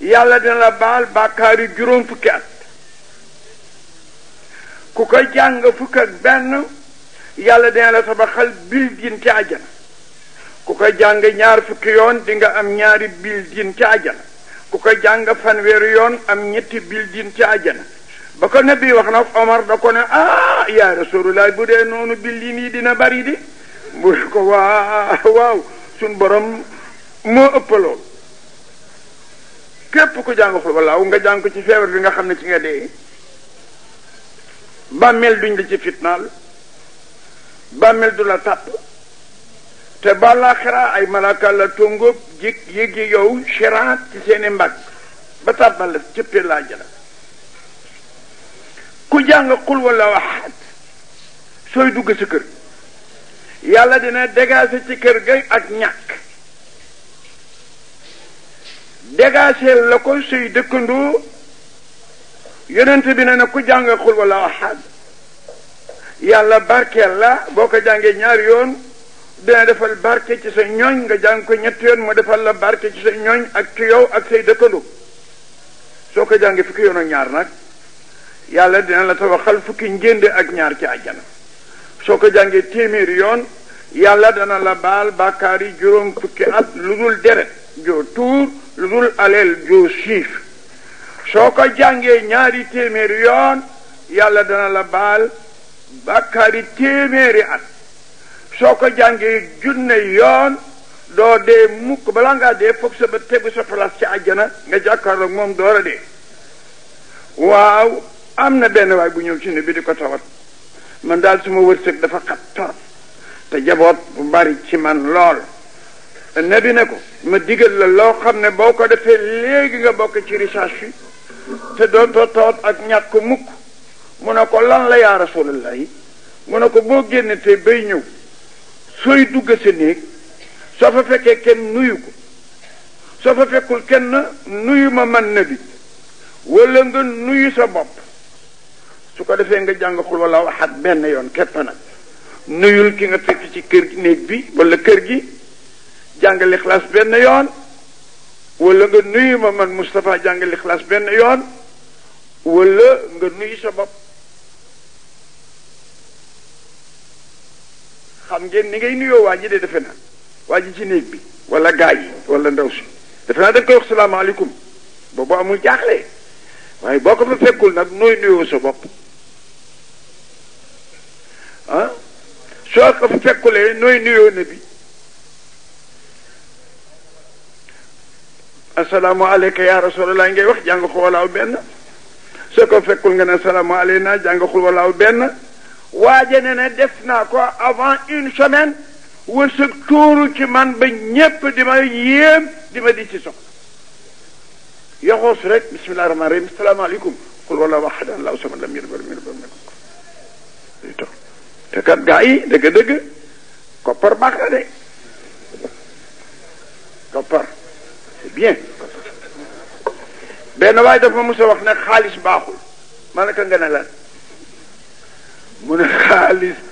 yàlla dina la baal bàkkaar juróom fukki at ku ko jàng fukk ak benn yàlla dina la tabaxal bildin ci àjjana ku ko jàng ñaar fukki yoon di am ñaari bildin ci àjjana ku ko jàng weer yoon am ñetti bildin ci àjjana ba ko nabi wax nag Omar da ko ne ah yaa rasulullah bu dee noonu bildin yi dina bari di bu ko waaw waaw suñ borom moo ëpp képp ku jàng xul walaaw nga jàng ko ci feebar bi nga xam ne ci nga dee bàmmeel duñ la ci fitnaal bàmmeel du la tàpp te balaaxira ay malaaka la tongóob jig yéegi yow siraat ci seeni mbagg ba tàbbal la cëppee laa jala ku jàng xul walaaw ahad sooy dugg sa kër yàlla dina dégager ci kër ga ak ñàkk dégageel la ko suy dëkkandoo yonent bi ne na ku jàng xul wala ahad yàlla barkeel la boo ko jàngee ñaar yoon dina defal barke ci sa ñooñ nga jàng ko ñetti yoon mu defal la barke ci sa ñooñ ak ci yow ak say dëkkandoo soo ko jàngee fukki yoon ak ñaar nag yàlla dina la tabaxal fukki njënd ak ñaar ci àjjana soo ko jàngee téeméeri yoon yàlla dana la baal bàkkaar yi juróom fukki at lu dul deret joo tuur lu dul aleel joo siif soo ko jàngee ñaari téeméer yoon yàlla dana la baal bàkkaari téeméeri at soo ko jàngee junne yoon doo dee mukk balaa ngaa dee foog sa ba tegu sa place ci àjjana nga jàkkaarloog moom door a dee waaw am na benn waay bu ñëw ci ne bi di ko tawat man daal suma wërsëg dafa xat torop te jaboot bu bari ci man lool nabi ne ko ma digal la loo xam ne boo ko defee léegi nga bokk ci richage bi te dootoo toot ak ñaat ko mukk mu ne ko lan la yaa rasulallah yi mu ko boo génne te bay ñëw sooy dugg sa néeg soo fa fekkee kenn nuyu ko soo fa fekkul kenn nuyu ma man nabi wala nga nuyu sa bopp su ko defee nga jàng xul wala ak benn yoon képp nag nuyul ki nga fekk ci kër néeg bi walla kër gi jàngal ixlaas benn yoon wala nga nuyu ma man Moustapha jàngal ixlaas benn yoon wala nga nuyu sa bopp xam ngeen ni ngay nuyoo waa ji de defe naa ci néeg bi wala gaa yi wala ndaw si defe naa da nga koy amul jaaxle waaye boo ko fa fekkul nag nooy nuyoo sa bopp ah soo ko fa fekkulee nooy nuyoo na bi assalaamu aleyka yaa rasulallah ngay wax jàng xul walaaw benn soo ko fekkul nga ne assalaamu aleyna jàng xul walaaw benn waaje ne ne def naa ko avant une semaine wërsëg tuuru ci man ba ñépp di ma yéem di ma di ci soxla yoxoos rek bismillahi rahmaani rahim asalaamaaleykum xul walaaw waxadan allahu samad lam yalid walam yulad walam yakun lahu te kat gaa yi dëgg-dëgg koppar baax na de koppar c'est bien benn waaye dafa mos a wax nag xaalis baaxul ma ne ko nga mu ne xaalis